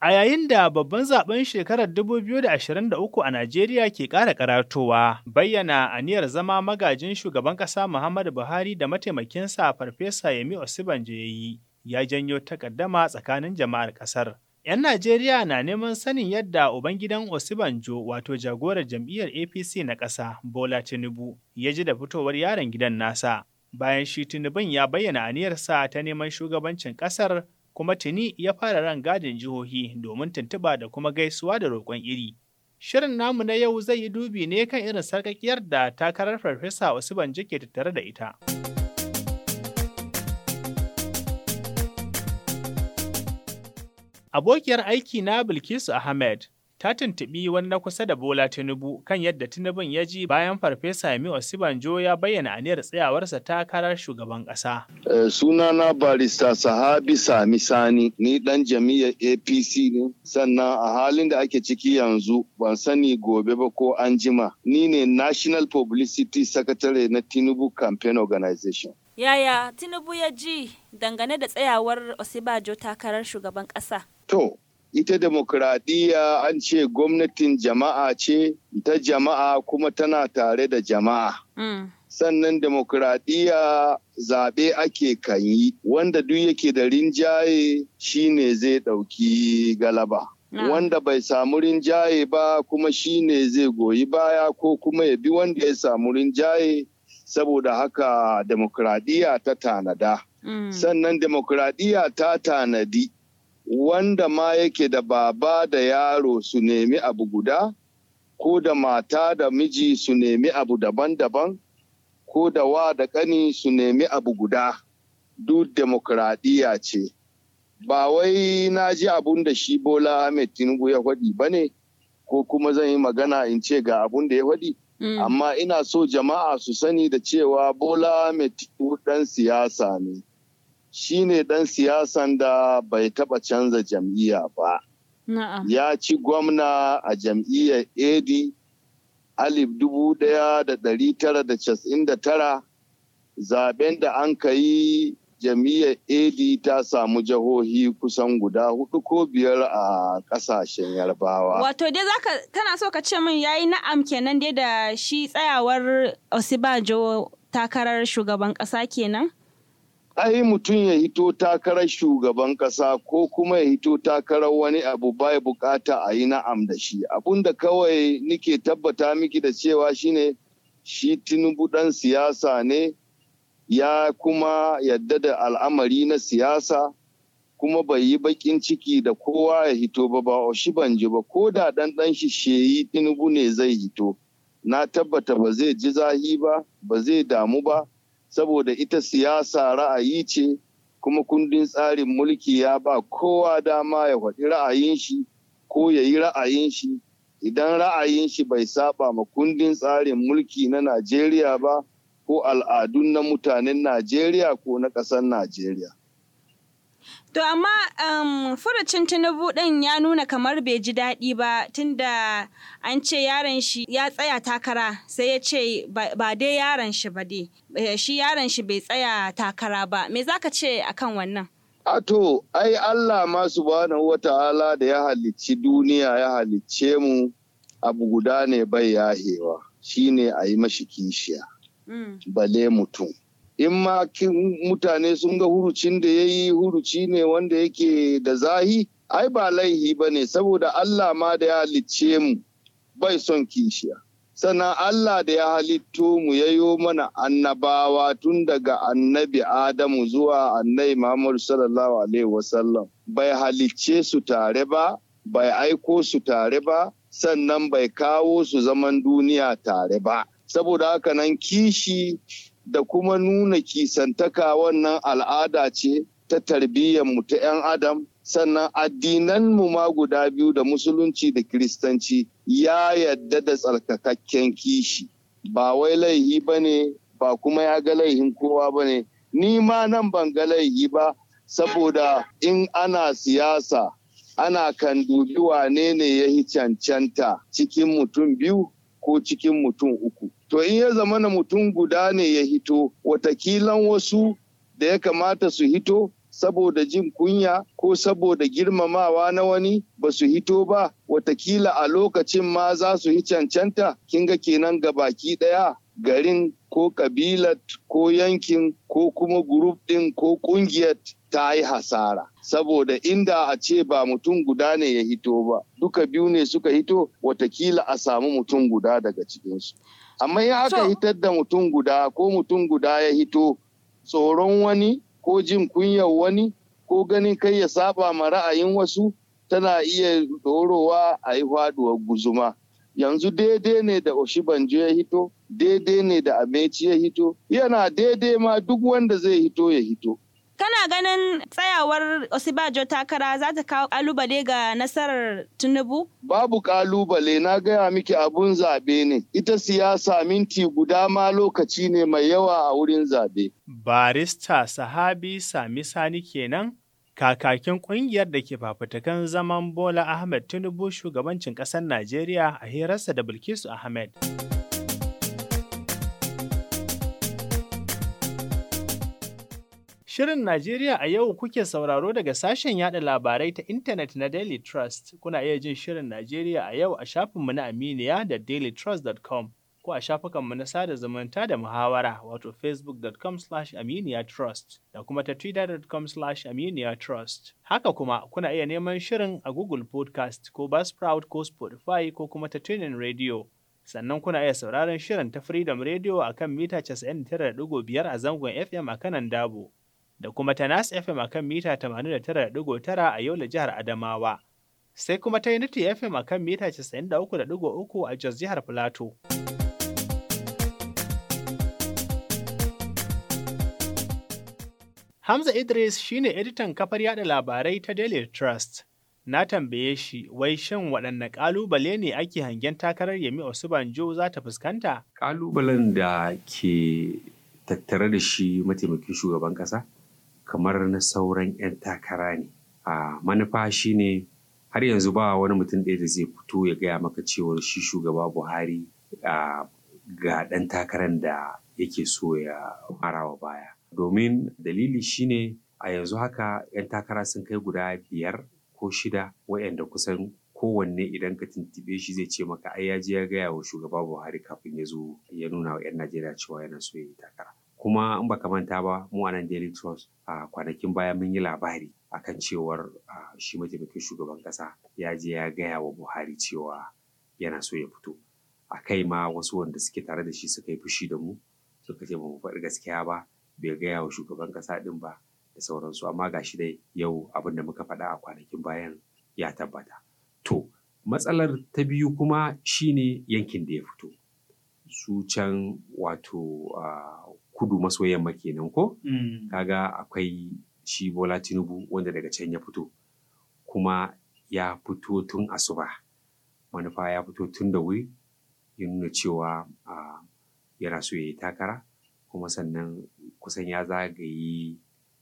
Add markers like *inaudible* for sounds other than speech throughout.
A yayin da babban zaben shekarar 2023 a Najeriya ke ƙara karatowa, bayyana aniyar zama magajin shugaban ƙasa Muhammadu Buhari da mataimakinsa Farfesa Yemi Osibanjo ya yi, ya janyo takaddama tsakanin jama'ar ƙasar. 'Yan Najeriya na neman sanin yadda Ubangidan Osibanjo wato jagorar jam'iyyar APC na ƙasa Bola Tinubu ya ji da fitowar yaron gidan nasa. Bayan shi Tinubun ya bayyana aniyarsa ta neman shugabancin ƙasar kuma tuni ya fara ran gadin jihohi domin tuntuɓa da kuma gaisuwa da roƙon iri. Shirin namu na yau zai yi dubi ne kan irin sarƙaƙiyar da takarar Farfesa wasu banje ke tattare da ita. Abokiyar aiki na Bilkisu Ahmed ta tuntuɓi wani na kusa da Bola Tinubu kan yadda Tinubun ya ji bayan Farfesa Yemi Osibanjo ya bayyana aniyar tsayawarsa takarar shugaban ƙasa. Eh, sunana barista Sahabi Sami Sani ni ɗan jami'ar APC ne sannan a halin da ake ciki yanzu ban sani gobe ba ko an jima ni ne National Publicity Secretary na Tinubu Campaign Organization. Yaya Tinubu ya ji dangane da tsayawar Osibanjo takarar shugaban ƙasa? To, ita demokradiyya an ce gwamnatin jama'a ce ta jama'a kuma tana tare da jama'a. Mm. Sannan demokradiyya zaɓe ake kan yi wanda duk yake da rinjaye shine zai ɗauki galaba. Na. Ah. Wanda bai samu rinjaye ba kuma shi ne zai goyi baya ko kuma ya bi wanda ya samu rinjaye saboda haka demokradiyya ta tanada. Mm. Sannan demokradiyya ta tanadi wanda ma yake da baba da yaro su nemi abu guda ko da mata da miji su nemi abu daban-daban ko da wa da ƙani su nemi abu guda duk demokradiyya ce ba wai na ji abun da shi bola ahmed tinubu ya faɗi ba ne ko kuma zan yi magana in ce ga abun da ya faɗi mm. amma ina so jama'a su sani da cewa bola ahmed tinubu ɗan siyasa ne shine dan siyasan da bai taba canza jam'iyya ba ya ci gwamna a jam'iyyar AD alif dubu daya da dari tara da casin da tara zaben da an ka yi jam'iyyar AD ta samu jihohi kusan guda hudu ko biyar a kasashen yarbawa. Wato dai zaka kana so ka ce min yayi na'am kenan dai da shi tsayawar Osibajo takarar shugaban kasa kenan? ai mutum ya hito takarar shugaban kasa ko kuma ya hito takarar wani abu bai bukata a yi na'am da shi abun da kawai nike tabbata miki da cewa shine shi tinubu dan siyasa ne ya kuma yadda da al'amari na siyasa kuma bai yi bakin ciki da kowa ya hito ba ba shi ban ji ba ko da dan dan shi sheyi tinubu ne zai hito na tabbata ba zai ji zahi ba ba zai damu ba saboda ita siyasa ra'ayi ce kuma kundin tsarin mulki ya ba kowa dama ya faɗi ra'ayin shi ko ya yi ra'ayin shi idan ra'ayin shi bai saba ma kundin tsarin mulki na Najeriya ba ko al'adun na mutanen Najeriya ko na ƙasar Najeriya. To amma um, furucin Tinubu ɗin ya nuna kamar bai ji daɗi ba tunda an ce yaron shi ya tsaya takara sai ya ce ba dai yaron shi ba dai eh, shi yaron shi bai tsaya takara ba me zaka ce akan wannan? Ato, ai Allah ma subhanahu wata ta'ala da ya halicci duniya ya halicce mu abu guda ne bai yahewa shine a yi mashi kishiya. Mm. Bale mutum. in ma mutane sun ga hurucin da ya yi huruci ne wanda yake da zahi ai ba laihi ba ne saboda Allah ma da ya halicce mu bai son kishiya sannan Allah da ya halitto mu ya yayo mana annabawa tun daga annabi Adamu zuwa annabi Muhammadu sallallahu alaihi wasallam bai halicce su tare ba bai aiko su tare ba sannan bai kawo su zaman duniya tare ba saboda haka nan kishi da kuma nuna kisantaka wannan al'ada ce ta tarbiyyar mu ta 'yan adam sannan addinan mu ma guda biyu da musulunci da kiristanci ya yadda da tsarkakakken kishi ba wai laihi ba ne ba kuma ya ga laihin kowa ba ne ni ma nan ban ga laihi ba saboda in ana siyasa ana kan dubi wane ne ya cancanta cikin mutum biyu ko cikin mutum uku to in ya zama na mutum guda ne ya hito watakilan wasu da ya kamata su hito saboda jin kunya ko saboda girmamawa na wani ba su hito ba watakila a lokacin ma za su yi cancanta kinga kenan ga baki daya garin ko kabilat ko yankin ko kuma guruf din ko kungiyar ta yi hasara saboda inda a ce ba mutum guda ne ya hito ba duka biyu ne suka hito watakila a samu mutum guda daga cikinsu amma in aka hitar da mutum guda ko mutum guda ya hito tsoron wani ko jin kunyar wani ko ganin kai ya saba ma ra'ayin wasu tana iya dorowa a yi faduwar guzuma yanzu daidai ne da oshibanjo ya hito daidai ne da ameci ya hito yana daidai ma duk wanda zai hito ya hito Kana ganin tsayawar Osibajo takara za ta kawo kalubale ga nasarar Tinubu? Babu kalubale na gaya miki abun zabe ne. Ita siyasa minti guda ma lokaci ne mai yawa a wurin zabe. Barista Sahabi Sami Sani kenan kakakin kungiyar da ke fafutukan zaman Bola Ahmed Tinubu shugabancin ƙasar Najeriya a hirarsa da Bilkisu Ahmed. Shirin Najeriya a yau kuke sauraro daga sashen yada labarai ta intanet na Daily Trust. Kuna iya jin Shirin Najeriya a yau a shafinmu na Aminiya da dailytrust.com ko a shafukanmu na sada zumunta da muhawara wato facebook.com slash aminiyatrust da kuma ta twitter.com slash aminiyatrust. Haka kuma kuna iya neman shirin a Google Podcast ko Buzzsprout ko Spotify ko kuma ta tunin radio. sannan kuna iya sauraron shirin ta Freedom Radio a kan mita 99.5 a zangon FM a kanan Dabo. da kuma ta Nas FM akan mita 89.9 a yau da jihar Adamawa. Sai kuma ta Unity FM akan mita 93.3 a Jos jihar Filato. Hamza Idris shine editan kafar yada labarai ta Daily Trust. Na tambaye shi wai shin waɗanne ƙalubale ne ake hangen takarar Yemi Osubanjo za ta fuskanta? Ƙalubalen da ke tattare da shi mataimakin shugaban ƙasa kamar na sauran 'yan takara ne a manufa ne har yanzu ba wani mutum ɗaya da zai fito ya gaya maka cewar shi shugaba buhari ga ɗan takarar da yake so ya marawa baya domin dalili shi ne a yanzu haka 'yan takara sun kai guda biyar ko shida da kusan kowanne idan ka tuntuɓe shi zai ce maka ai ya ya gaya wa shugaba buhari kafin ya zo ya nuna wa 'yan najeriya cewa yana so ya yi takara kuma in baka manta ba mu a nan daily trust a kwanakin baya mun yi labari a kan cewar shi mataimakin shugaban kasa ya je ya gaya wa buhari cewa yana so ya fito a kai ma wasu wanda suke tare da shi suka yi fushi da mu suka ce ba mu faɗi gaskiya ba bai gaya wa shugaban kasa ɗin ba da sauransu amma ga shi dai yau abin da muka faɗa a kwanakin bayan ya tabbata to matsalar ta biyu kuma shi ne yankin da ya fito su can wato kudu maso yamma kenan ko mm. kaga akwai shi bola tinubu wanda daga can ya fito kuma ya fito tun asuba manufa ya fito tun da wuri ya nuna cewa yana so ya yi takara kuma sannan kusan ya zagaye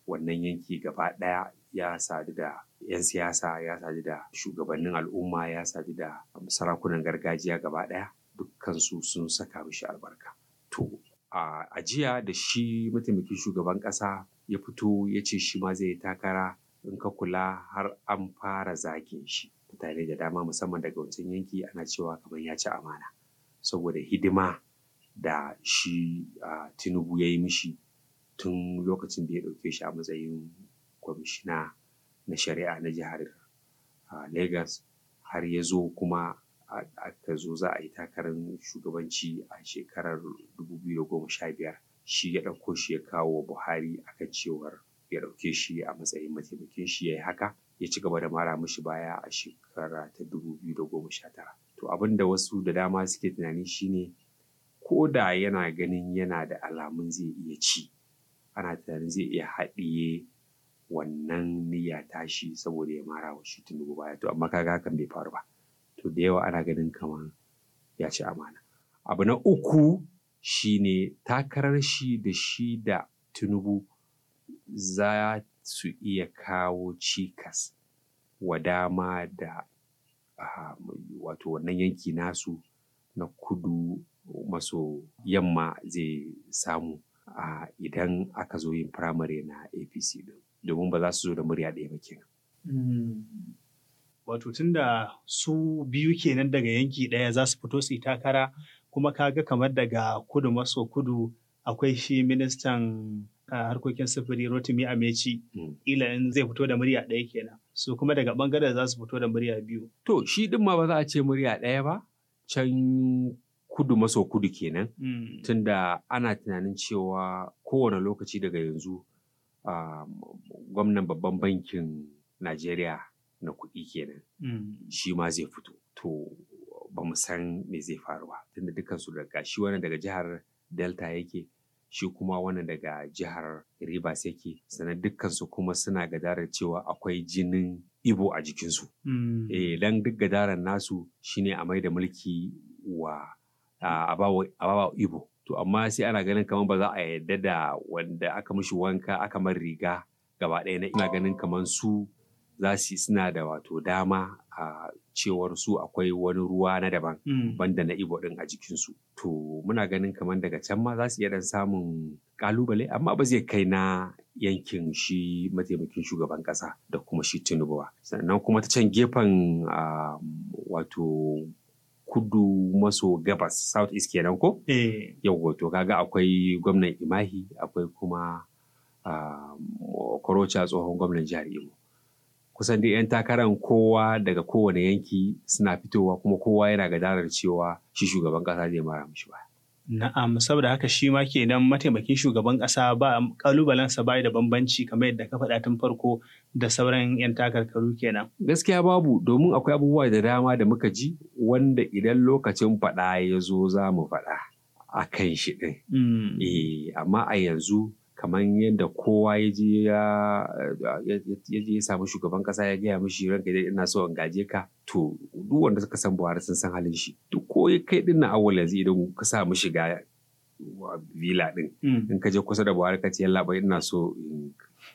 wannan yanki gaba ɗaya ya sadu da 'yan siyasa ya sadu da shugabannin al'umma ya sadu da sarakunan gargajiya gaba ɗaya dukkansu sun saka mishi albarka to a jiya da shi mataimakin shugaban ƙasa ya fito ya ce shi ma zai takara in ka kula har an fara zagin shi mutane da dama musamman daga wancan yanki ana cewa kamar ya ci amana saboda hidima da shi tinubu ya yi mishi tun lokacin da ya ɗauke shi a matsayin kwamishina na shari'a na jihar Legas, har ya zo kuma aka zo za a yi takarar shugabanci a shekarar 2015 shi ya ɗauko shi ya kawo buhari akan cewar ya ɗauke shi a matsayin mataimakin shi ya yi haka ya ci gaba da mara mishi baya a shekara ta 2019 to abin da wasu da dama suke tunani shine ko da yana ganin yana da alamun zai iya ci ana tunanin zai iya haɗiye wannan niyya tashi saboda ya mara wa shi tunubu baya to amma kaga hakan bai faru ba to da yawa ana ganin kamar ya ci amana. Abu na uku shi ne takarar shi da shi da Tinubu za su iya kawo cikas wa dama da ah, wato wannan yanki nasu na kudu maso yamma zai samu ah, idan aka zo yin firamare na APC domin ba za su zo da murya ɗaya ba kenan. Hmm. wato tunda su biyu kenan daga yanki ɗaya za su fito su yi takara kuma kaga kamar daga kudu maso kudu akwai shi ministan ah, harkokin sufuri rotimi ameci hmm. ila in zai fito da murya ɗaya kenan su kuma daga ɓangaren za su fito da murya biyu to shi din ma ba za a ce murya ɗaya ba can kudu maso kudu kenan hmm. tunda ana tunanin cewa kowane lokaci daga yanzu ah, gwamnan babban bankin najeriya na kuɗi kenan mm. shi ma zai fito to ba mu san me zai faru ba tunda dukansu daga shi wannan daga jihar delta yake shi kuma wannan daga jihar rivers yake sannan dukansu kuma suna gadara cewa akwai jinin ibo a jikinsu mm. eh dan duk gadaran nasu shine a mai da mulki wa a bawa ibo to amma sai ana ganin kamar ba za a yarda da wanda aka mishi wanka aka mar riga gaba ɗaya na ina ganin kamar su za su suna da wato dama a cewar su akwai wani ruwa na daban hmm. banda na ibo din a jikin su. to muna ganin kamar daga can ma za su iya dan samun kalubale amma ba zai kai na yankin shi mataimakin shugaban kasa da kuma shi tinubu ba sannan kuma ta can gefen wato kudu maso gabas south east kenan ko eh. yau to kaga akwai gwamnan imahi akwai kuma korocha tsohon gwamnan jihar imo kusan dai 'yan takarar kowa daga kowane yanki suna fitowa kuma kowa yana gadarar cewa shi shugaban ƙasa zai mara mushi ba. Na'am, saboda haka shi ma ke nan, mataimakin shugaban ƙasa ba ƙalubalensa ba da bambanci kamar yadda ka faɗa tun farko da sauran 'yan takarkaru kenan. Gaskiya babu domin akwai abubuwa da dama da muka ji wanda idan lokacin faɗa ya zo za mu faɗa a kan shi ɗin. Mm. Eh, amma a yanzu kamar yadda kowa ya je ya samu shugaban kasa ya gaya mishi ranka idan ina so in gaje ka to duk wanda suka san Buhari sun san halin shi duk ko kai din na awwal yanzu idan ka sa mu shiga villa din mm. in ka je kusa da Buhari ka ce yalla bai ina so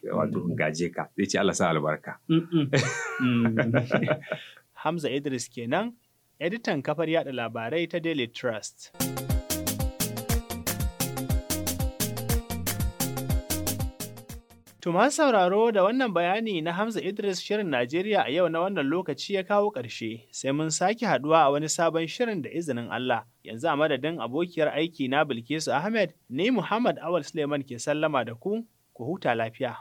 wato in gaje ka zai ce Allah sa albarka *laughs* mm. *laughs* Hamza Idris kenan editan kafar yada labarai ta Daily Trust. To sauraro da wannan bayani na Hamza Idris Shirin Najeriya a yau na wannan lokaci ya kawo ƙarshe, sai mun sake haduwa a wani sabon shirin da izinin Allah. Yanzu a madadin abokiyar aiki na Bilkisu Ahmed, ni Muhammad Awal Suleiman ke sallama da ku, ku huta lafiya.